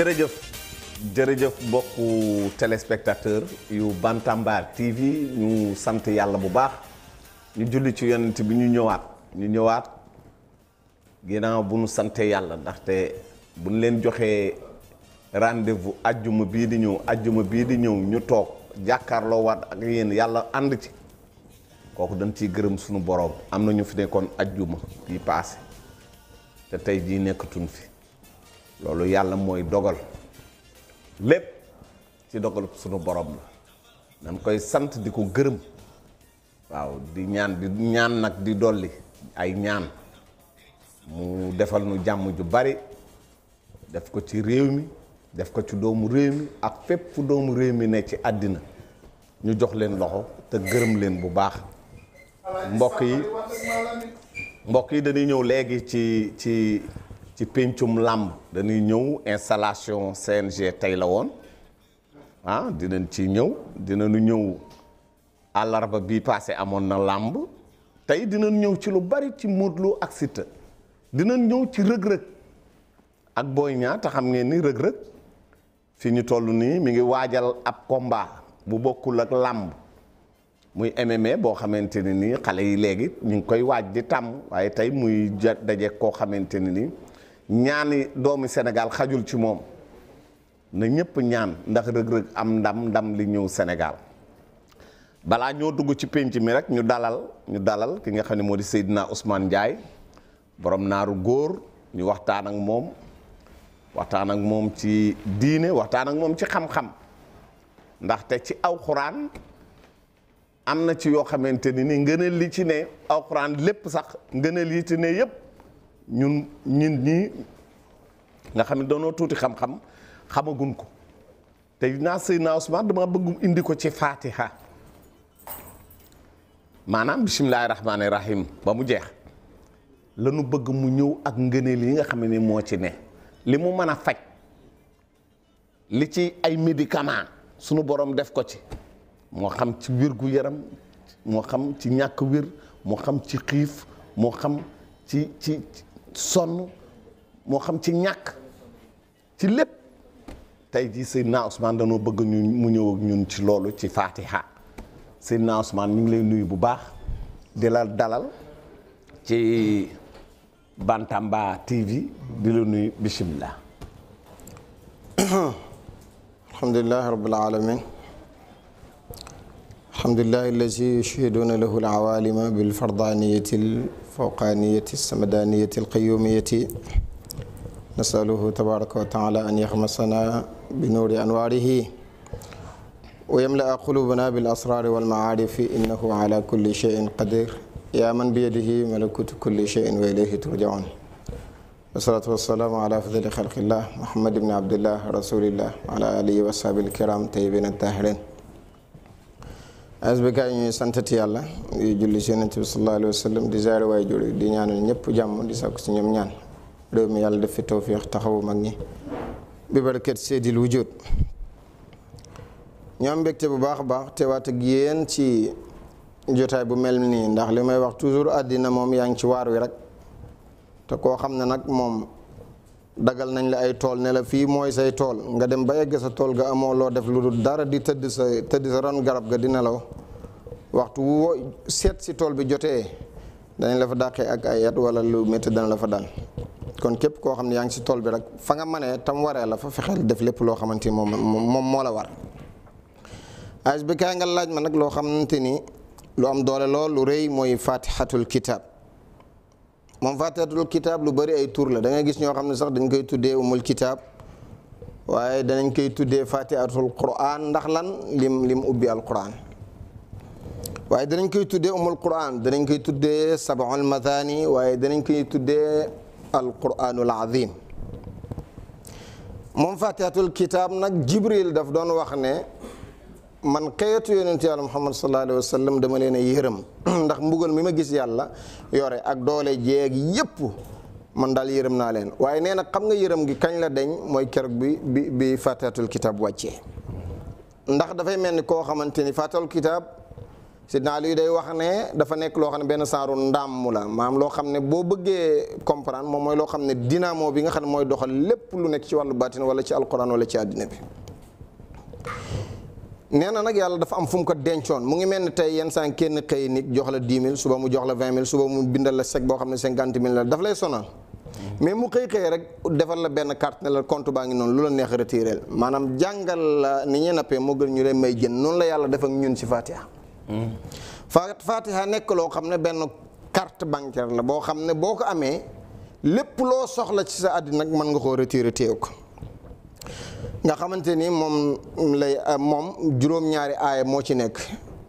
jërëjëf jërëjëf mbokku téléspectateur yu Bantamba TV ñu sant yàlla bu baax ñu julli ci yonent bi ñu ñëwaat ñu ñëwaat ginnaaw bu ñu sante yàlla ndaxte bu ñu leen joxee rendez-vous ajjuma bii di ñëw ajjuma bii di ñëw ñu toog jàkkaarloo waat ak yéen yàlla ànd ci kooku dañ ciy gërëm suñu boroom am na ñu fi nekkoon ajjuma yi paase te tey jii nekkatuñ fi loolu yàlla mooy dogal lépp ci dogal sunu borom la nañ koy sant di ko gërëm waaw di ñaan di ñaan nag di dolli ay ñaan mu defal nu jàmm ju bari def ko ci réew mi def ko ci doomu réew mi ak fépp doomu réew mi ne ci àddina ñu jox leen loxo te gërëm leen bu baax mbokk yi mbokk yi dañuy ñëw léegi ci ci ci péncum làmb dañuy ñëw installation CNG tey la woon ah dinañ ci ñëw dinañu ñëw àllarba bii passé amoon na làmb tey dinañ ñëw ci lu bari ci mutlu Lo ak Siteu dinañ ñëw ci rëg-rëg ak Boy ñaata xam ngeen ni rëg-rëg fi ñu toll nii mi ngi waajal ab combat bu bokkul ak làmb muy MMA boo xamante ne nii xale yi léegi ñu ngi koy waaj di tàmm waaye tey muy daje koo xamante ne nii ñaani doomi Sénégal xajul ci moom na ñëpp ñaan ndax rëg-rëg am ndam ndam li ñëw senegal balaa ñoo dugg ci pénc mi rek ñu dalal ñu dalal ki nga xam ne moo di Seydina Ousmane njaay borom naaru góor ñu waxtaan ak moom waxtaan ak moom ci diine waxtaan ak moom ci xam-xam ndaxte ci aw xuraan am na ci yoo xamante ni ni ngëneel li ci ne aw xuraan lépp sax ngëneel yi ci ne yépp ñun ñun ñii nga xam ne danoo tuuti xam-xam xamagun ko te naa Seydina Ousmane dama bëgg indi ko ci Fatiha maanaam bisimilahi rahmaani rahim ba mu jeex lanu bëgg mu ñëw ak ngëneel yi nga xam ne moo ci ne li mu mën a faj li ci ay médicament sunu borom def ko ci moo xam ci wér yaram moo xam ci ñàkk wir moo xam ci xiif moo xam ci ci sonn moo xam ci ñàkk ci lépp tey jii Seydina Ousmane danoo bëgg ñu mu ñëw ak ñun ci loolu ci Fatiha Seydina Ousmane ñu ngi lay nuyu bu baax di la dalal ci Bantamba TV di la nuyu bisimilah. alhamdulilah rabbil alamin alhamdulilah allazi yushhiduna lahu alawalima bilfardaniyati fawqaaniyati samadaaniyati alqayumiyati nasaluhu tabaraka wa taala an yaxmasana bi nuuri anwaarihi wa yamlaa qulubana bil asraari wal maarifi innahu ala kulli cheyin qadir yaa man bi yadihi malakutu kulli cheyin wa ilayhi turjaun wasalaatu wasalaamu ala afdali xalqillah muhammad ibni abdillah rasulillah wa ala alihi wa ashabi alkiram tayyibin attahirin asbikaay ñuy santati yàlla di julli ci yonent bi sallallahu alayhi wa sallam di ziare waay di ñaanal ñëpp jàmm di sàkku ci ñoom ñaan réew mi yàlla def fi tawfiix taxawu mag ñi bi barakat seedil wujud ñoom mbégte bu baax a baax teewaat ak yéen ci jotaay bu mel nii ndax li may wax toujours àddina moom yaa ngi ci waar wi rek te koo xam ne nag moom dagal nañ la ay tool nelaw fii mooy say tool nga dem ba egg sa tool ga amoo loo def lu dul dara di tëdd sa tëdd sa ron garab ga di nelaw waxtu seet si tool bi jotee danañ la fa dàqee ak ay at wala lu métti dana la fa dal kon képp koo xam ne yaa ngi si tool bi rek fa nga manee tam waree la fa fexeel def lépp loo xamante ni moom moom moo la war as bi kaay nga laaj ma nag loo xamante ni lu am doole loolu lu rëy mooy fatihatul kitab moom faataatul kitaab lu bari ay tur la da gis ñoo xam ne sax dañ koy tuddee umul kitaab waaye danañ koy tuddee faatihatul quran ndax lan lim lim ubbi al waaye danañ koy tuddee umul quran danañ koy tuddee sabaul mathani waaye danañ koy tudde al quranul azim moom faatihatul kitaab nag jibril daf doon wax ne man xeetu yonentu yàlla muhammad sallallahu alayhi wa sallam dama leen a yërëm ndax mbugal mi ma gis yàlla yore ak doole jeeg yépp man daal yërëm naa leen waaye nee na xam nga yërëm gi kañ la deñ mooy keroog bi bi bi fatihatul kitab wàccee ndax dafay mel ni koo xamante ni fatihatul kitab sidna Ali day wax ne dafa nekk loo xam ne benn saaru ndàmm la maam loo xam ne boo bëggee comprendre moom mooy loo xam ne dynamo bi nga xam ne mooy doxal lépp lu nekk ci wàllu baatin wala ci alquran wala ci àddina bi nee na nag yàlla dafa am fu mu ko dencoon mu ngi mel ni tey yenn saa kenn xëy nit jox la 10 000 suba mu jox la 20 000 suba mu bindal la chèque boo xam ne 50 000 la daf lay sonal. mais mu xëy xëy rek defal la benn carte ne la compte baa ngi noonu lu la neex retiré maanaam jàngal la ni ñuy moo gën ñu leen may jën noonu la yàlla def ak ñun si Fatiha. Fatiha nekk loo xam ne benn carte bancaire la boo xam ne boo ko amee lépp loo soxla ci sa àddina nag mën nga koo retiré teew ko. nga xamante ni moom lay euh, moom juróom-ñaari aaya moo ci nekk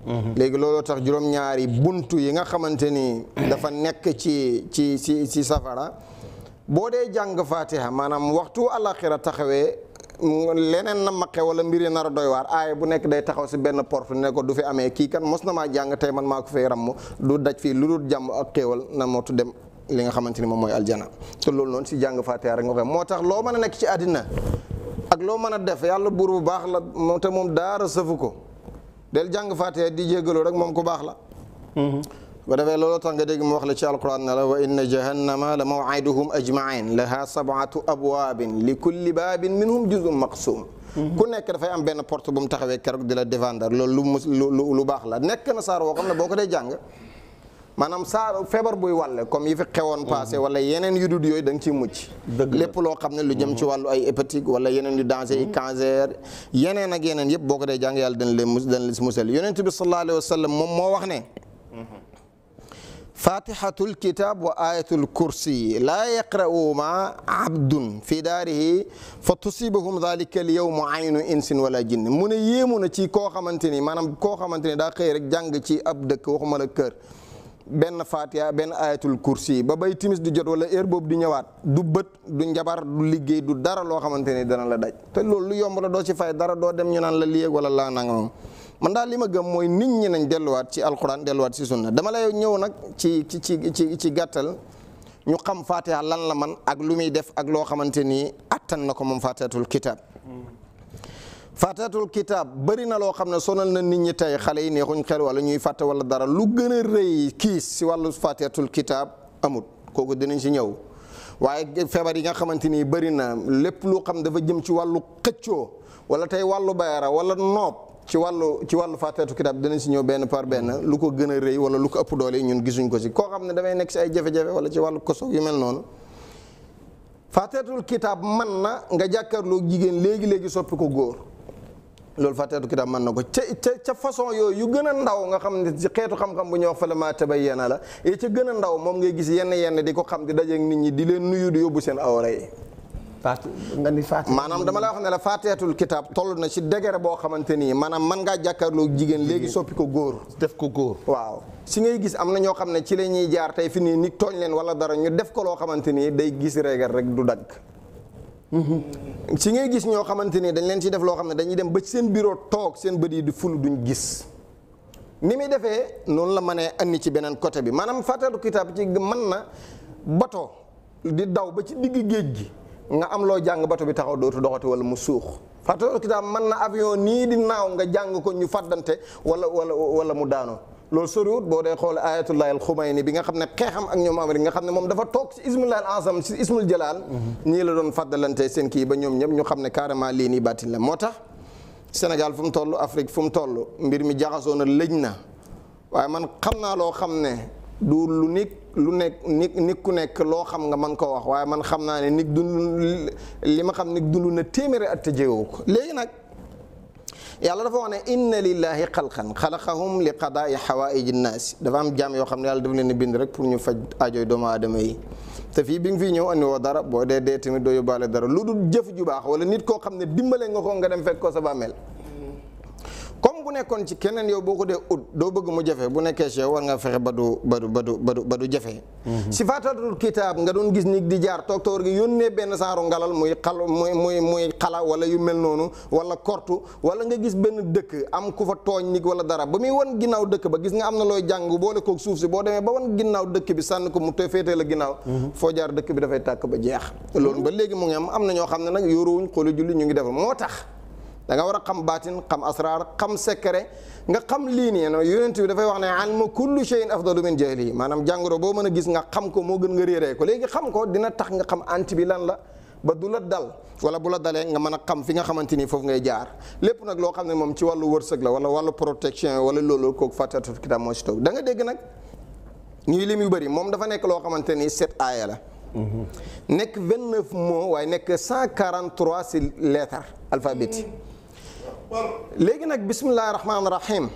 mhm. léegi looloo tax juróom-ñaari buntu yi nga xamante ni dafa nekk ci ci ci ci safara boo dee jàng fatiha maanaam waxtu alaxira taxawee leneen na maqe wala mbiri nar a doy waar aaya bu nekk day taxaw si benn porte ne ko du fi amee kii kan mos na maa jàng tey man maa ko fay ramm du daj fii lu dul jàmm ak xéewal na mootu dem li nga xamante ni moom mooy aljana te loolu noonu si jàng fatiha rek nga koy moo tax mën a nekk ci àddina ak loo mën a def yàlla buur bu baax la moom te moom daara sëfu ko del jàng faatiha di jéggaloo rek moom ku baax la mm-hmm. ba defee loo tax nga dégg mu wax la ci alquran ne la wa inna jahannama la maw'iduhum ajma'in laha sab'atu abwaabin li kulli baabin minhum juz'un maqsum mm-hmm. ku nekk dafay am benn porte bu mu taxawee keroog di la défendre loolu lu lu lu baax la nekk na saar woo xam boo ko dee jàng maanaam saa feebar buy wàll comme yi fi xewoon passé mhm. wala yeneen yu dul yooyu da nga ciy mucc lépp loo xam ne lu jëm ci mhm. wàllu ay hépatique wala yeneen yu danger yi mhm. cancer yeneen ak yeneen yëpp boo ko dee jàng yàlla dañ leen dañ leen si musal yonent bi sallallahu alayhi wa sallam moom moo wax ne fatihatul kitab wa ayatul kursi laa yaqra'uhumaa abdun fi daarihi fa tusibuhum dalika al yawmu aynu insin wala jinni mu ne yéemu na ci koo xamante ni maanaam koo xamante ni daa xëy rek jàng ci ab dëkk waxuma la kër benn faatiya benn ayatul kursi ba bay timis di jot wala heure boobu di ñëwaat du bët du njabar du liggéey du dara loo xamante ni dana la daj te loolu lu yomb la doo ci fay dara doo dem ñu naan la liyeeg wala laa nangamam man daal li ma gëm mooy nit ñi nañ delluwaat ci alquran delluwaat ci sunna dama lay ñëw nag ci ci ci ci gàttal ñu xam faatiya lan la man ak lu muy def ak loo xamante ni attan na ko moom faatiyatul kitaab fatatul kitab bëri na loo xam ne sonal na nit ñi tey xale yi neexuñ xel wala ñuy fàtte wala dara lu gën a rëy kiis si wàllu fatatul kitab amut kooku dinañ si ñëw waaye feebar yi nga xamante ni bëri na lépp lu xam dafa jëm ci wàllu xëccoo wala tey wàllu bayara wala noob ci wàllu ci wàllu fatatul kitab dinañ si ñëw benn par benn lu ko gën a rëy wala lu ko ëpp doole ñun gisuñ ko si koo xam ne damay nekk si ay jafe-jafe wala ci wàllu kosoog yu noonu fatatul kitab man na nga jàkkaarloo jigéen léegi-léegi soppi ko góor loolu fàtteetu kitaab mën na ko ca ca ca façon yooyu yu gën a ndaw nga xam ne ci xeetu xam-xam bu ñëw wax fa la maa tabayyana la et ca gën a ndaw moom ngay gis yenn yenn di ko xam di dajeeg nit ñi di leen nuyu di yóbbu seen awra yi maanaam dama la wax ne la faateetul kitaab toll na ci degré boo xamante nii maanaam man ngaa jàkkaarloo jigéen léegi soppi ko góor def ko góor waaw si ngay gis am na ñoo xam ne ci la ñuy jaar tey fi nii nit tooñ leen wala dara ñu def ko loo xamante nii day gis reegal rek du dagg Mm-hmm. si ngay gis ñoo xamante ni dañ leen ci def loo xam ne dañuy dem ba seen bureau toog seen bët yi di ful duñ gis ni muy defee noonu la ma mënee andi ci beneen côté bi maanaam fàttalu kitaab ci mën na bato di daw ba ci digg géej gi nga am loo jàng bato bi taxaw dootu doxati wala mu suux fàttalu kitaab mën na avion nii di naaw nga jàng ko ñu fàddante wala wala wala mu daanoo loolu soriwut boo dee xool ayatullah al xumayni bi nga xam ne xeexam ak ñoom amérique nga xam ne moom dafa toog si ismullah al azam si ismul jalaal ñii la doon fàddalante seen kii ba ñoom ñëpp ñu xam ne carrément lii nii baatin la moo tax sénégal fu mu toll afrique fu mu toll mbir mi jaxasoo na lëj na waaye man xam naa loo xam ne du lu nit lu nekk nit nit ku nekk loo xam nga man koo wax waaye man xam naa ne nit dund li ma xam nit dund na téeméeri at te jéewoo ko léegi nag yàlla dafa wax ne inna lillahi xalqan xalaqahum li qadaai xawaaiji nnaasi dafa am jaam yoo xam ne yàlla daf leen bind rek pour ñu faj ajooy doomu aadama yi te fii bi nga fii ñëw andi woo dara boo dee dee tamit doo yóbbaale dara lu dul jëf ju baax wala nit koo xam ne dimbale nga ko nga dem fekk ko sa bàmmeel bu nekkoon ci keneen yow boo ko dee ut doo bëgg mu jafe bu nekkee ci war nga fexe ba du ba du ba du ba du ba du jafe mhm. sifaatul kitaab nga doon gis nit di jaar toog toor gi yónnee benn saaru ngalal muy xal muy muy muy xala wala yu mel noonu wala kortu wala nga gis benn dëkk am ku fa tooñ nit wala dara ba muy wan ginnaaw dëkk ba gis nga am na looy jàng boole koog suuf si boo demee ba wan ginnaaw dëkk bi sànn ko mu te féetee la ginnaaw mhm. foo jaar dëkk bi dafay tàkk ba jeex loolu ba mhm. léegi mu ngi am am na ñoo xam ne nag yoo yóoruwuñ xooli julli ñu ngi defal moo tax danga war a xam baatin xam asraar xam secret nga xam lii nii no yonent bi dafay wax ne alma kullu shay'in afdalu min jahli maanaam jàngoro boo mën a gis nga xam ko moo gën nga réeree ko léegi xam ko dina tax nga xam anti bi lan la ba du la dal wala bu la dalee nga mën a xam fi nga xamante ni foofu ngay jaar lépp nag loo xam ne moom ci wàllu wërsëg la wala wàllu protection wala loolu kooku fàttatu kitaab moo ci toog danga dégg nag ñuy lim yu bëri moom dafa nekk loo xamante ni sept la nekk vingt neuf mots waaye nekk cent quarante trois si lettre alphabet hmm. léegi nag bisimilah rahmaani rahim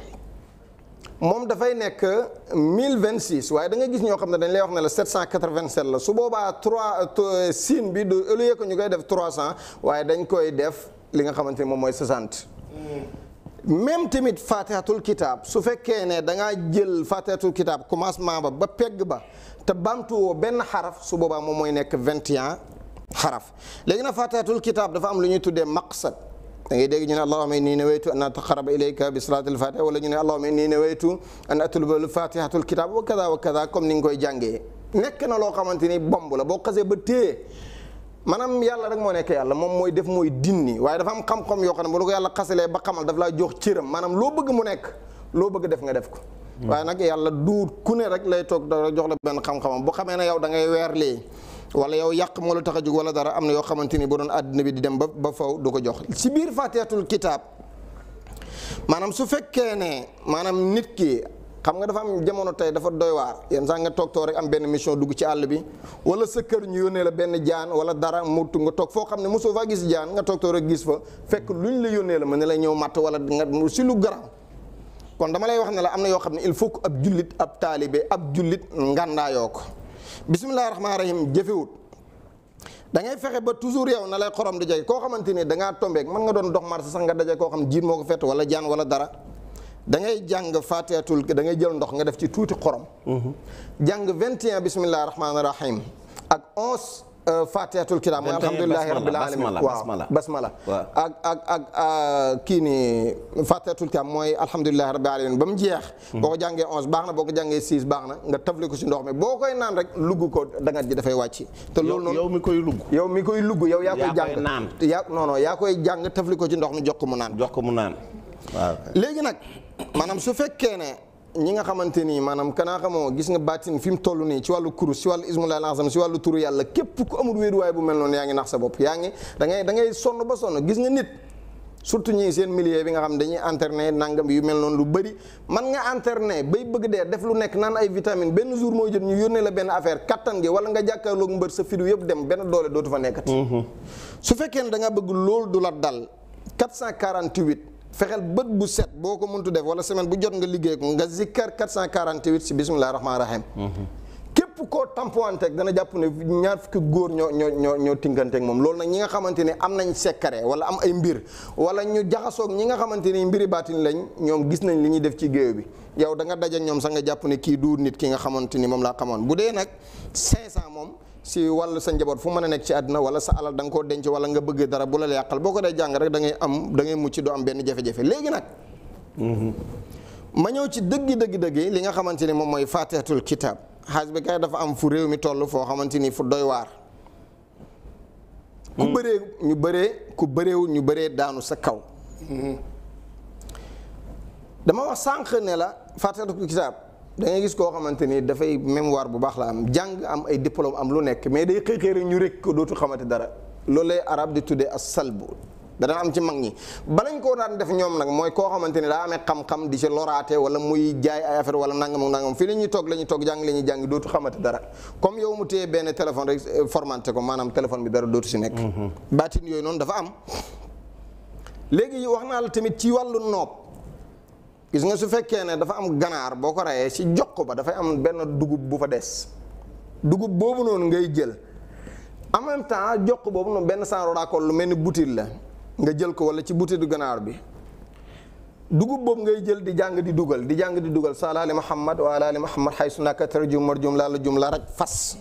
moom dafay nekk mille vingt six waaye da nga gis ñoo xam ne dañ lay wax ne la sept cent quatre la su boobaa trois euh, signe bi du au lieu que ñu koy def trois cent waaye dañ koy def li nga xamante ni moom mooy soixante. Hmm. même tamit fatihatul kitab su fekkee ne da ngaa jël fatihatul kitab commencement ba ba pegg ba. te baamtuwoo benn xaraf su boobaa moom mooy nekk vingt 21 xaraf léegi nag faatihatul kitaab dafa am lu ñuy tuddee maqsad da ngay dégg ñu ne allahumma inni nawaytu an ataqarraba ilayka bi salaatil fatiha wala ñu ne allahumma inni nawaytu an atluba fatihatul kitaab wa kada wa kada comme ni nga koy jàngee nekk na loo xamante ni bomb la boo kasee ba téye maanaam yàlla rek moo nekk yàlla moom mooy def mooy dinni waaye dafa am xam-xam yoo xam ne bu la ko yàlla xasalee ba xamal daf laa jox cëram maanaam loo bëgg mu nekk loo bëgg def nga def ko waaye nag yàlla duut ku ne rek lay toog dara jox la benn xam-xamam bu xamee ne yow da ngay weer lii wala yow yàq moo la tax a jóg wala dara am na yoo xamante ni bu doon àddina bi di dem ba ba faw du ko jox ci biir fatihatul kitaab maanaam su fekkee ne maanaam nit ki xam nga dafa am jamono tey dafa doy waar yenn saa nga toog toog rek am benn mission dugg ci àll bi wala sa kër ñu yónnee la benn jaan wala dara mu nga toog foo xam ne mosoo faa gis jaan nga toog toog rek gis fa fekk luñ la yónnee la ma ne lay ñëw matt wala nga si lu garaaw kon dama lay wax ne la am na yoo xam ne il faut que ab jullit ab taalibe ab jullit ngàndaayoo ko bisimilah rahmaani rahim jëfewut da ngay fexe ba toujours yow na lay xorom di jege koo xamante ni da ngaa tombeek mën nga doon dox marché sax nga daje koo xam jiit moo ko fet wala jaan wala dara da ngay jàng faatihatul da ngay jël ndox nga def ci tuuti xorom. Mhm. jàng 21 bisimilah rahmaani rahim ak 11. fatihatul kiram mooy alhamdulilahi rabbil alamin waaw basmala ak ak ak kii nii fatihatul kiram mooy alhamdulilahi rabbil alamin ba mu jeex hmm. boo ko jàngee onze baax na boo ko jàngee six baax na nga tafli ko si ndox mi boo koy naan rek lugg ko dangat ji dafay wàcc te loolu noonu yow mi koy lugg yow mi koy lugg yow yaa koy jàng naan yaa non yaa koy jàng tafli ko ci ndox mi jox ko mu naan jox ko mu naan waaw léegi nag maanaam su fekkee ne ñi nga xamante nii maanaam kanaa xamoo gis nga baatin fi mu toll nii ci wàllu kurus ci wàllu ismulaay lansam ci wàllu turu yàlla képp ku amul wéeruwaay bu mel noonu yaa ngi nax sa bopp yaa ngi da ngay sonn ba sonn gis nga nit surtout ñii seen milieu bi nga xam dañuy internet nangam yu mel noonu lu bëri man nga internet bay bëgg dee def lu nekk naan ay vitamine benn jour mooy jot ñu yónnee la benn affaire kattan gi wala nga jàkkaarloog mbër sa fidu yëpp dem benn doole dootu fa nekkati mhm. su fekkee ne da nga bëgg loolu du la dal fexeel bët bu set boo ko muntu def wala semaine bu jot nga liggéey ko nga zikkar 448 si bisimilah rahmaani rahim. képp koo tampowanteeg dana jàpp ne ñaar fukki góor ñoo ñoo ñoo ñoo tinkanteeg moom loolu nag ñi nga xamante ne am nañ sekkare wala am ay mbir wala ñu jaxasoog ñi nga xamante ni mbiri baatin lañ ñoom gis nañ li ñuy def ci géew bi yow da nga daje ñoom sax nga jàpp ne kii du nit ki nga xamante ni moom laa xamoon bu dee nag 500 moom. si wàllu sa njaboot fu mën a nekk ci àddina wala sa alal da nga koo denc wala nga bëggee dara bu la yàqal boo ko dee jàng rek da ngay am dangay ngay mucc doo am benn jafe-jafe léegi nag mm-hmm. ma ñëw ci dëggi dëggi dëggi li nga xamante ni moom mooy faatihatul kitaab xaaj bi kay dafa am fu réew mi toll foo xamante ni fu doy waar ku mm-hmm. bëree ñu bëree ku bëreewul ñu bëree daanu sa kaw mm-hmm. dama wax sànq ne la faatihatul kitaab dangay gis koo xamante ni dafay mémoire bu baax la am jàng am ay diplôme am lu nekk mais day xëy xëy rek ñu rek ko dootu xamante dara loolu lay arab di tuddee as salbu dana am ci mag ñi balañ koo daan def ñoom nag mooy koo xamante ni daa amee xam-xam di ci loraate wala muy jaay ay affaire wala nangam ak nangam fii la ñuy toog la ñuy toog jàng la ñuy jàng dootu xamante dara comme yow mu téye benn téléphone rek euh, formanté ko maanaam téléphone bi dara dootu si nekk. Mm-hmm. baatin yooyu noonu dafa am. léegi wax naa la tamit ci wàllu noob. gis nga su fekkee ne dafa am ganaar boo ko reyee si jox ba dafay am benn dugub bu fa des dugub boobu noonu ngay jël en même temps jox boobu noonu benn saaru raakool lu mel ni butil la nga jël ko wala ci butitu ganaar bi dugub boobu ngay jël di jàng di dugal di jàng di dugal sa alaali muhammad wa alaali muhammad xay su nakka tarjum marjum laa la jum la raj fas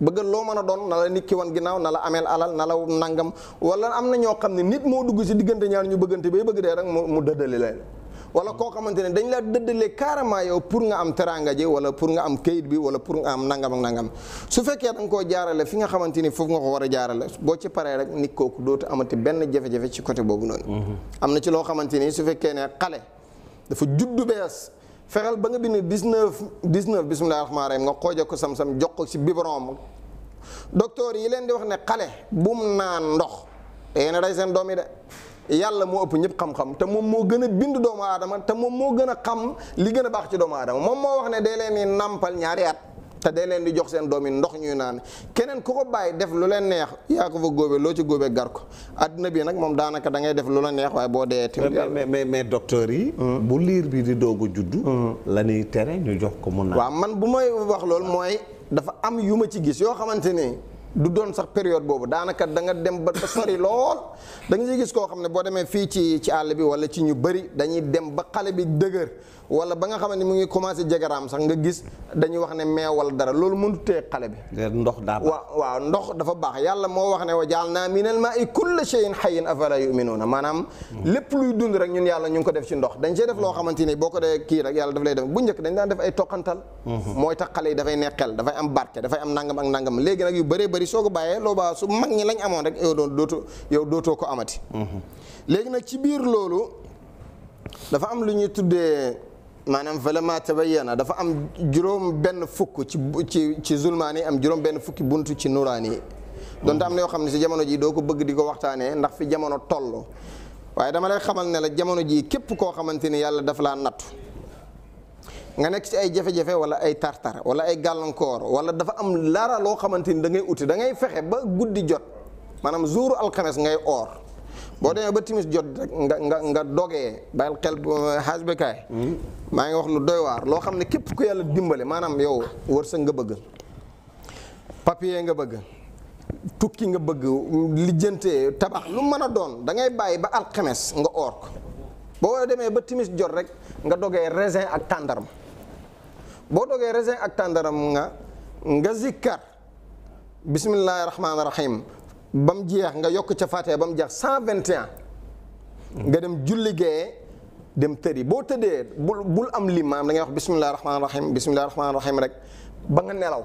bëggal loo mën a doon na la nit ki wan ginnaaw na la ameel alal na la nangam wala am na ñoo xam ne nit moo dugg si diggante ñaar ñu bëggante bay bëgg dee rek mu mu dëddale leen wala koo xamante ne dañ la dëddalee carrément yow pour nga am teranga ji wala pour nga am kayit bi wala pour nga am nangam ak nangam su fekkee da nga koo fi nga xamante ni foofu nga ko war a jaarale boo ci paree rek nit kooku dootu amati benn jafe-jafe ci côté boobu noonu mhm. am na ci loo xamante ni su fekkee ne xale dafa juddu bees fexeel ba nga bind 19 19 bisimilah rahmaani rahiim nga xooj ko sam-sam jox si si biberon docteur yi leen di wax ne xale bum naan ndox te a rey seen doom yi de yàlla moo ëpp ñëpp xam-xam te moom moo gën a bind doomu aadama te moom moo gën a xam li gën a baax ci doomu aadama moom moo wax ne dee leen ni nàmpal ñaari at te day leen di jox seen doom yi ndox ñuy naan keneen ku ko bàyyi def lu leen neex yaa ko fa góobe loo ci góobe gar ko àddina bi nag moom daanaka da ngay def lu la neex waaye boo dee. tamit mais mais mais docteur yi. Hmm. bu liir bi di doog a juddu. Hmm. la ñuy tere ñu jox ko mu naan. waaw man bu may wax loolu mooy dafa am yu ma ci gis yoo xamante ne du doon sax période boobu daanaka da nga dem ba sori lool da nga gis koo xam ne boo demee fii ci ci àll bi wala ci ñu bëri dañuy dem ba xale bi dëgër wala ba nga xam ne mu ngi commencé jegaraam sax nga gis dañuy wax ne meew wala dara loolu mënut tee xale bi. ndox daa baax waaw ndox dafa baax yàlla moo wax ne wa naa minal maa'i kulla maanaam. lépp luy dund rek ñun yàlla ñu ngi ko def ci ndox dañ see def loo xamante ni boo ko dee kii rek yàlla daf lay def bu njëkk dañ daan def ay toqantal. Mhm. mooy tax xale yi dafay neexel dafay am barke dafay am nangam ak nangam léegi nag yu bëree bëri soo ko bàyyee loo baa su mag ñi lañ amoon rek yow doon dootoo yow dootoo ko amati léegi nag ci biir loolu dafa am lu ñu tuddee maanaam vraiment tabayyana dafa am juróom benn fukk ci ci ci zulmaani am juróom benn fukki bunt ci nuraani yi donte am na yoo xam ne si jamono ji doo ko bëgg di ko waxtaanee ndax fi jamono toll waaye dama lay xamal ne la jamono ji képp koo xamante ni yàlla dafa laa nattu nga nekk ci ay jafe-jafe wala ay tartar wala ay gàllankoor wala dafa am lara loo xamante ni da ngay uti da ngay fexe ba guddi jot maanaam jour alxames ngay oor boo demee ba timis jot rek nga nga nga dogee bàyyil xel euh, xaaj bekaay hmm. maa ngi wax lu doy loo xam ne képp ku yàlla dimbale maanaam yow wërsëg nga bëgg papier nga bëgg tukki nga bëgg lijjantee tabax lu mën a doon da ngay bàyyi ba alxames nga oor boo demee ba timis jot rek nga dogee raisin ak tàndarma boo dogee raisin ak tàndaram nga nga zikkar bismillahi rahmaani rahim ba mu jeex nga yokk ca fatiha ba mu jeex cent vingt et nga dem julli gee dem tëri boo tëddee bul bul am lim maanaam da ngay wax bismillahi rahmaani rahim bismillahi rahmaani rahim rek ba nga nelaw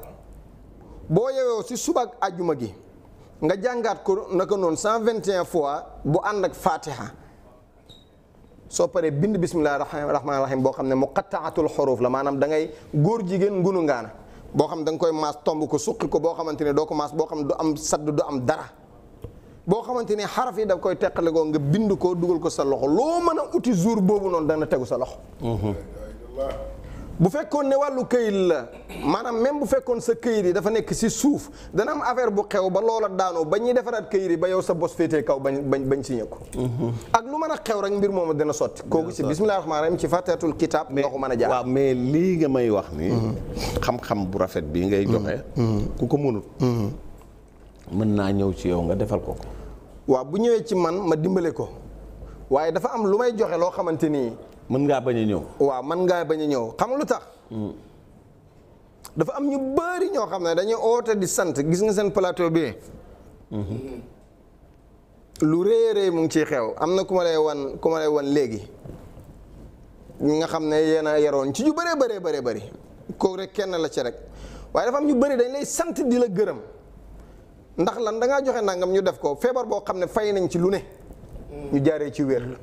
boo yewoo si subaak ajjuma gi nga jàngaat ko naka noonu cent vingt et fois bu ànd ak fatiha soo paree bind bismillahi rahmaani rahim boo xam ne mu qattaatul xuruuf la maanaam da ngay góor jigéen ngunu ngaana boo xam da nga koy maas tomb ko suqi ko boo xamante ne doo ko maas boo xam du am sadd du am dara boo xamante ni xaraf yi daf koy teqalikoo nga bind ko dugal ko sa loxo loo mën a uti jour boobu noonu dana tegu sa loxo bu fekkoon ne wàllu këyit la maanaam même bu fekkoon sa këyit yi dafa nekk si suuf dana am affaire bu xew ba loola daanoo ba ñuy defaraat këyit yi ba yow sa bos féetee kaw bañ bañ bañ si ñëkku mhm. ak lu man a xew rek mbir moomu dina sotti kooku si bisimilah rahmaani rahim ci fàtteetul kitaab nga ko mën a jaar waaw mais lii nga may wax ni mhm. xam-xam bu rafet bii ngay joxe mhm. ku ko mënul mën naa ñëw ci yow nga defal ko ko waaw bu ñëwee ci man ma dimbale ko waaye dafa am lu may joxe loo xamante nii mën ngaa bañ a ñëw. waaw mën ngaa bañ a ñëw xam lu tax. Hmm. dafa am ñu bëri ñoo xam ne dañuy oote di sant gis nga seen plateau bi. Hmm. lu rëy a rëy mu ngi ciy xew am na ku ma lay wan ku ma lay wan léegi. ñi nga xam ne yéen a yaroon ci ñu bëree bëree bëree bari kooku rek kenn la ci rek waaye dafa am ñu bari dañ lay sant di la gërëm ndax lan dangaa ngaa joxe nangam ñu def ko feebar boo xam ne fay nañ ci lu ne. Hmm. ñu jaaree ci wér.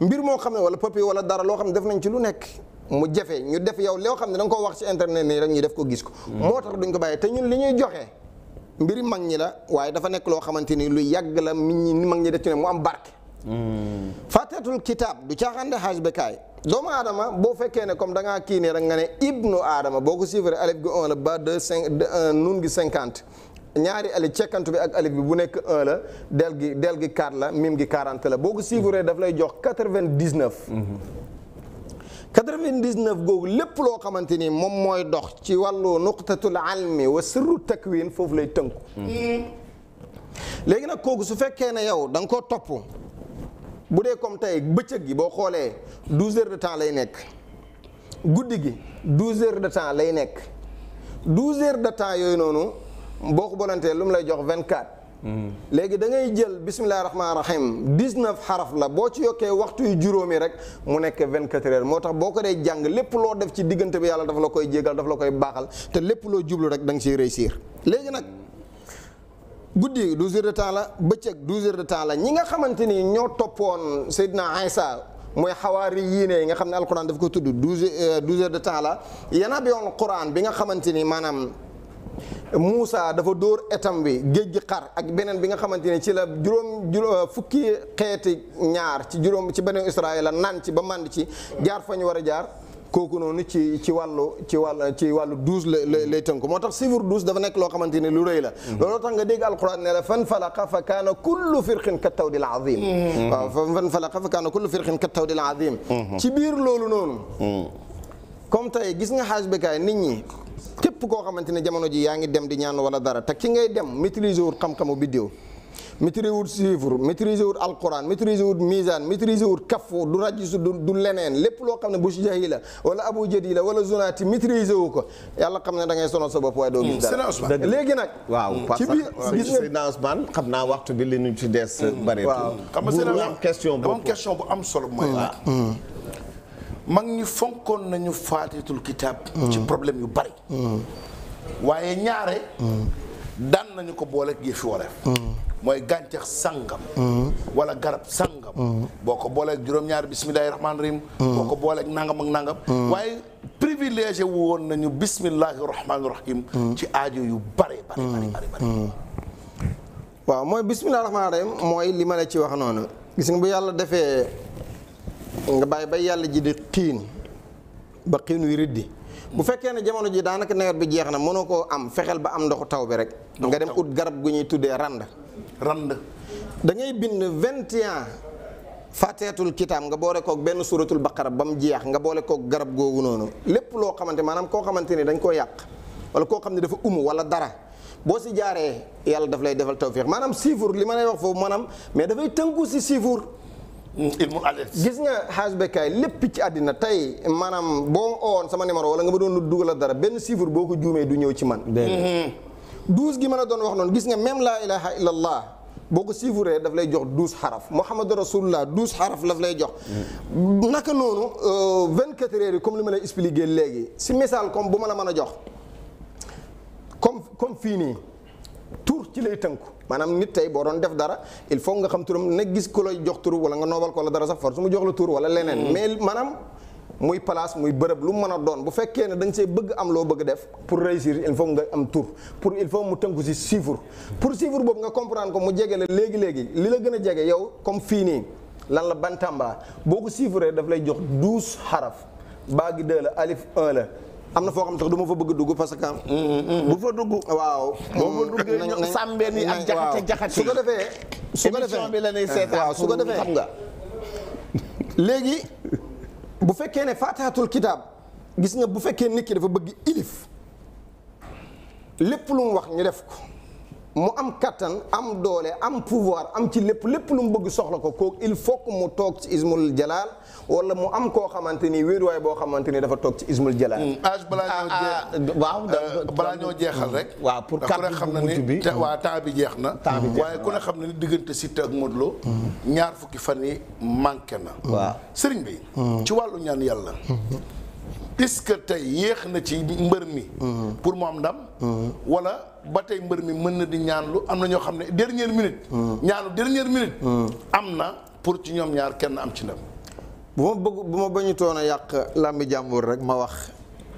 mbir moo xam ne wala papier wala dara loo xam ne def nañ ci lu nekk mu jafe ñu def yow loo xam ne da nga ko wax ci internet nii rek ñu def ko gis ko. Hmm. moo tax duñ ko bàyyi te ñun li ñuy joxe mbiri mag ñi la waaye dafa nekk loo xamante ni lu yàgg la nit ñi mag ñi def ci ne mu am barke. Hmm. fàtteetul kitaab du caaxaan de xaaj bekaay doomu aadama boo fekkee ne comme dangaa ngaa kii ne rek nga ne ibnu aadama boo ko chiffre alif gi un la ba deux cinq un nun gi cinquante. ñaari alif cekkantu bi ak alif bi bu nekk 1 la del gi del gi 4 la mim gi 40 la boo ko suivre daf lay jox 99. 99 googu lépp loo xamante ni moom mooy dox ci wàllu nuqtatul almi wa sirru takwin foofu lay tënku. léegi nag kooku su fekkee ne yow da nga koo topp bu dee comme tey bëccëg gi boo xoolee 12 heures de temps lay nekk guddi gi 12 heures de temps lay nekk 12 heures de temps yooyu noonu. boo ko bonantee lu mu lay jox vingt quatre. Hmm. léegi da ngay jël bisimilah rahmaani rahim dix neuf xaraf la boo ci yokkee waxtu yu juróomi rek mu nekk vingt quatre heures moo tax boo ko dee jàng lépp loo def ci diggante bi yàlla daf la koy jégal daf la koy baaxal te lépp loo jublu rek da nga ciy réussir. léegi nag guddi douze heures de temps la bëccëg du heures de temps la ñi nga xamante ni ñoo toppoon Seydina Isa mooy xawaari yii ne yi xam ne alquran daf ko tudd douze euh, douze heures de temps la yanab yoon quran bi nga xamante ni maanaam. Moussa dafa dóor etam bi géej gi xar ak beneen bi nga xamante ne ci la juróom juróom euh, fukki xeeti ñaar ci juróom ci beneen Israël la naan ci ba mànd ci jaar fa ñu war a jaar kooku noonu ci ci wàllu ci wàll ci wàllu douze la lay tënku moo tax chiffre douze dafa nekk loo xamante ne lu rëy la mm. looloo tax nga dégg alquran ne fan falaqa fa kaana kullu firqin ka tawdil azim mm. mm. waaw fan falaqa fa kaana kullu firqin ka tawdil azim mm-hmm. ci biir loolu noonu comme tey gis nga xaaj bekaay nit ñi képp koo xamante ne jamono ji yaa ngi dem di ñaan wala dara te ki ngay dem maîtriser wul xam-xamu biddiw maîtriser wul chiffre maîtriser wul alquran maîtriser wul misaan maîtriser wul kafu du rajisu du leneen lépp loo xam ne bu jahi la wala abu jadi la wala zunaati maîtriser wu ko yàlla xam ne da ngay sonal sa bopp waaye doo gis dara léegi nag waaw ci biir gis xam naa waxtu bi li ñu ci des bëreetul xam nga question bu am solo mooy mag ñi fonkoon nañu faatitul kitaab ci problème yu bari waaye ñaare daan nañu ko booleeg yëfi wareef mooy gàncax sangam walla garab sangam boo ko booleeg juróom-ñaari bismillahi rahmaani rahim boo ko booleeg nangam ak nangam waaye privilégié woon nañu bismillahi rahmaani rahim ci aajo yu bare bari bari bari bari waaw mooy bismillahi rahmaani rahim mooy li la ci wax noonu gis nga bu yàlla defee nga bàyyi ba yàlla ji di xiin ba xiin wi riddi bu fekkee ne jamono ji daanaka nawet bi jeex na mënoo koo am fexeel ba am ndoxu taw bi rek nga dem ut garab gu ñuy tuddee rand rand da bind vingt yan un faateetul kitaab nga boole koog benn suratul xarab ba mu jeex nga boole koog garab googu noonu lépp loo xamante maanaam koo xamante ni dañ koo yàq wala koo xam ne dafa umu wala dara boo si jaaree yàlla daf lay defal tawfiq maanaam siifur li ma lay wax foofu maanaam mais dafay tënku si ilmu gis nga xaaj bekkaay lépp ci àddina tey maanaam boo ma owoon sama numéro wala nga ma doon lu dugal dara benn chiffre boo ko juumee du ñëw ci man mm-hmm. douze gi mën a doon wax noonu gis nga même laa ilaha illallah boo ko chiffré daf lay jox douze xaraf Muhammadu rasulullah douze xaraf daf lay jox mm-hmm. naka noonu euh, vingt quatre heures yi comme li ma lay expliqué léegi si misaal comme bu ma la mën a jox comme comme fii nii tur ci lay tënku maanaam nit tey boo doon def dara il faut nga xam turam ne gis ku lay jox tur wala nga noobal ko la dara sax force mu jox la tur wala leneen hmm. mais maanaam muy place muy bërëb lu mën a doon bu fekkee ne da nga see bëgg am loo bëgg def pour réussir il faut nga am tour pour il faut mu tënku si chiffre pour chiffre boobu nga comprendre ko mu jege la léegi léegi li la gën a jege yow comme fii nii lan la bantamba boo ko chiffré daf lay jox douze xaraf baagi deux la alif am na foo xam tax du ma fa bëgg dugg parce que. Mm-hmm. bu fa dugg. waaw boo fa duggee ñoom sàmbeen yi ak jaxate jaxate su ko defee. su ko defee émission bi la ñuy seetaan waaw su ko defee xam nga. léegi bu fekkee ne faataatul kitaab gis nga bu fekkee nit ki dafa bëgg ilif lépp lu mu wax ñu def ko. mu am kattan am doole am pouvoir am ci lépp lépp lu mu bëgg soxla ko kooku il faut que mu toog ci ismul jalaal wala mu am koo xamante ni wéeruwaay boo xamante ni dafa toog ci ismul jalaal. âge hmm, balaa ñoo ah, jeex ah, waaw euh, balaa ñoo rek. Hmm, waaw pour kàddu xam na ni bi jeex na. temps bi jeex na waaye ne xam na ni diggante Siteu ak Modou Lo. Hmm. ñaar fukki fan yi manqué na. waaw sëriñ bi. ci wàllu ñaan yàlla. est-ce que tey yéex na ci mbër mi. pour mu am ndam. wala. ba tey mbër mi mën na di ñaan lu am na ñoo xam ne dernière minute. ñaanu dernière minute. am na pour ci ñoom ñaar kenn am ci ndam. bu ma bëgg bu ma bañu toon yàq làmbi jàmbur rek ma wax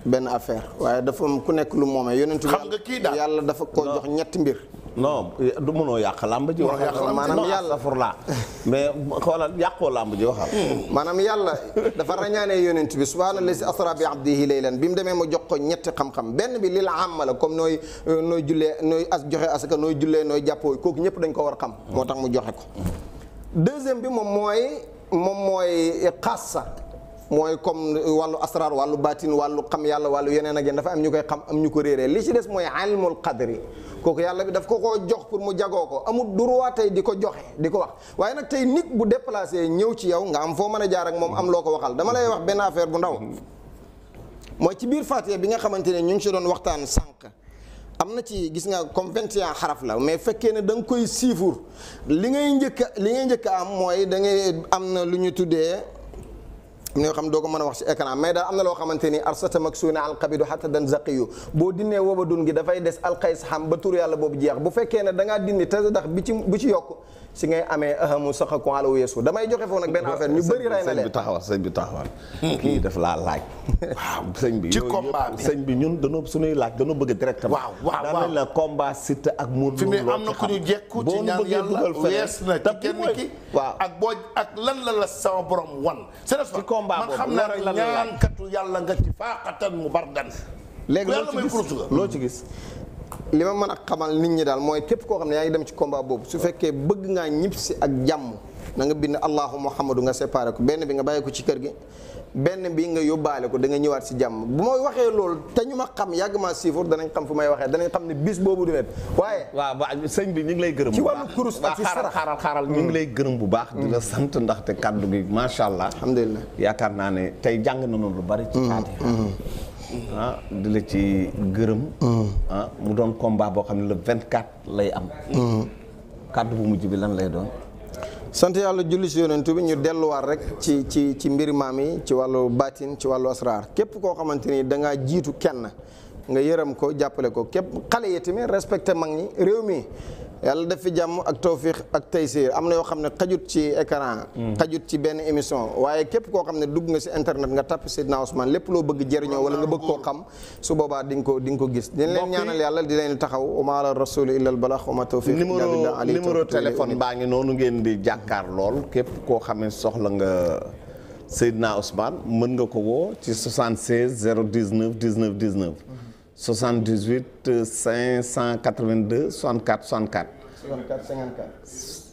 benn affaire waaye dafa ku nekk lu moomee yonentu. xam nga kii daal yàlla dafa ko jox ñetti mbir. non du mënoo yàq làmb ji. wax maanaam yàlla furla mais xoolal yàqoo làmb ji waxal. Hmm, maanaam yàlla dafa ràññaanee yonent bi subhaana lazi asra bi abdihi laylan bi mu demee ma jox ko ñetti xam-xam benn bi lil amma la comme nooy euh, nooy jullee nooy as joxe asaka nooy jullee nooy jàppoo kooku ñëpp dañ ko war a xam. moo tax mu joxe ko. deuxième bi moom mooy moom mooy xassa mooy comme wàllu asrar wàllu baatin wàllu xam yàlla wàllu yeneen a yeneen dafa am ñu koy xam am ñu ko réeree li ci des mooy ilmul qadri kooku yàlla bi daf ko koo jox pour mu jagoo ko amul droit tey di ko joxe di ko wax waaye nag tey nit bu déplacé ñëw ci yow nga am foo mën a jaar ak moom am loo ko waxal dama lay wax benn affaire bu ndaw mooy ci biir Faatiha bi nga xamante ne ñu ngi si doon waxtaan sànq am na ci gis nga comme vingt et un xaraf la mais fekkee ne da nga koy siifur li ngay njëkk li ngay njëkk am mooy da ngay am na lu ñu tuddee am na yoo xam doo ko mën a wax ci écran mais daal am na loo xamante ni arsata maksuuna alqabidu xata dan zaqiyu boo dinnee wobadun gi dafay des alqays xam ba tur yàlla boobu jeex bu fekkee ne dangaa ngaa dindi te dax bi ci bu ci yokk si ngay amee ahamu sax ak wàllu weesu damay joxe foofu nag benn affaire ñu bëri rey na leen sëñ bi taxawal sëñ hmm, bi hmm. laa laaj. waaw sëñ bi ci combat bi sëñ bi ñun dañoo suñuy laaj dañoo bëgg directement. waaw waaw waaw daan la combat Siteu ak Modou Lô. mu am na ku ñu jekku ci ñaan yàlla wees na ci waaw ak boo ak lan la la sama borom wan. c' est ci combat boobu man xam naa ñaankatu yàlla nga ci faaxatan mu bardan léegi loo loo ci gis. li ma mën a xamal nit ñi daal mooy képp koo xam ne yaa ngi dem ci combat boobu su fekkee bëgg ngaa ñibb si ak jàmm na nga bind allahu muhammadu nga séparé ko benn bi nga bàyyi ko ci kër gi benn bi nga yóbbaale ko da nga ñëwaat si jàmm bu ma waxee loolu te ñu ma xam yàgg maa siifur danañ xam fu may waxee danañ xam ne bis boobu du wet waaye waaw sëñ bi ñu ngi lay gërëm ci wàllu kurus ak xaaral xaaral ñu ngi lay gërëm bu baax di la mm. sant ndaxte kàddu gi macha allah alhamdulilah yaakaar naa ne tey jàng nañu lu bari ci mm-hmm. Ah, di la ci gërëm. Mm. ah mu doon combat boo xam ne le lay am. Mm. kàddu bu mujj bi lan lay doon. sant yàlla julli si yonent bi ñu delluwaat rek ci ci ci mbir maam yi ci wàllu baatin ci wàllu asraar képp koo xamante ni da ngaa jiitu kenn nga yërëm ko jàppale ko képp xale yi tamit respecté mag ñi réew mi. yàlla def jàmm ak tawfiix ak taysiir am na yoo xam ne xajut ci écran hmm. xajut ci benn émission waaye képp koo xam ne dugg nga si internet nga tàpp na Ousmane lépp loo bëgg jëriñoo wala nga bëgg koo xam su boobaa di ko di nga ko gis dina leen ñaanal yàlla di leen taxaw wa maa ala rasuli illa al balaax wa ma tawfiq numéro numéro téléphone baa ngi noonu ngeen di jàkkaar lool képp koo xam ne soxla nga Seydina Ousmane mën nga ko woo ci 76 019 19 19 78 582 64 64. 64 54.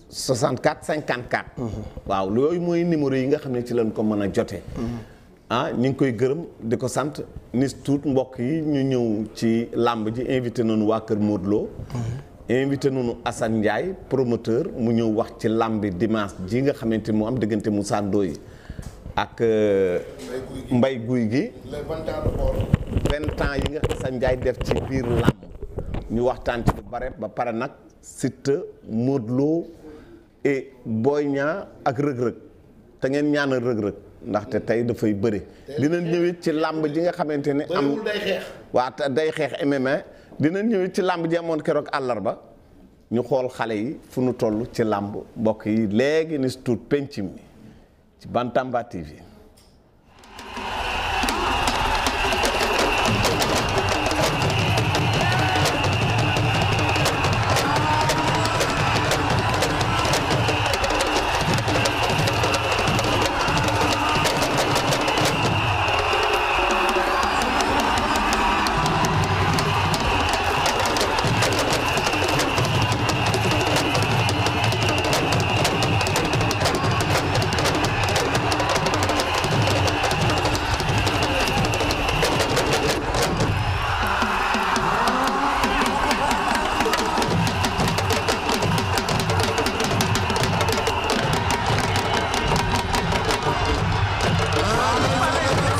64 54. waaw yooyu mooy numéro yi nga xam ne ci lañ ko mën a jotee. ah ñu ngi koy gërëm di ko sant ni tuut mbokk yi ñu ñëw ci làmb ji invité nañu waa Kër Modou Lo. invité nañu Assane Ndiaye promoteur mu ñëw wax ci làmb dimanche ji nga xamante mu am diggante Moussa Ndoye yi ak euh, mbay guy gi vingt ans yi nga Assane Ndiaye def ci biir làmb ñu waxtaan ci lu bare ba pare nag Siteu Modou Lo et Boy Niang ak rëg-rëg te ngeen ñaanal rëg-rëg ndaxte tey dafay bëri dina ñëwit ci làmb ji nga xamante ni am waa day xeex MMA dinañ ñëwit ci làmb ji amoon keroog àllarba ñu xool xale yi fu nu toll ci làmb mbokk yi léegi ni si tuut penc ci Bantamba TV